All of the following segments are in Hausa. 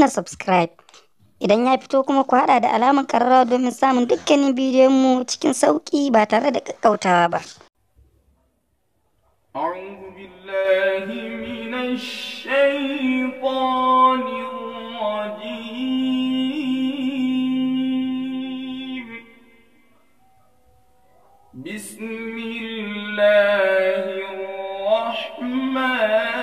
na subscribe. Idan ya fito kuma ku haɗa da alamar ƙararrawa domin samun dukkanin bidiyon mu cikin sauƙi ba tare da kakkautawa ba. أعوذ بسم الله الرحمن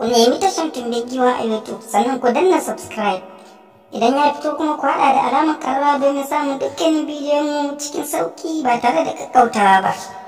ku nemi tashan giwa a YouTube sannan ku danna subscribe. Idan ya fito kuma ku haɗa da alamar karwa don samun dukkanin bidiyon mu cikin sauƙi ba tare da ƙaƙƙautawa ba.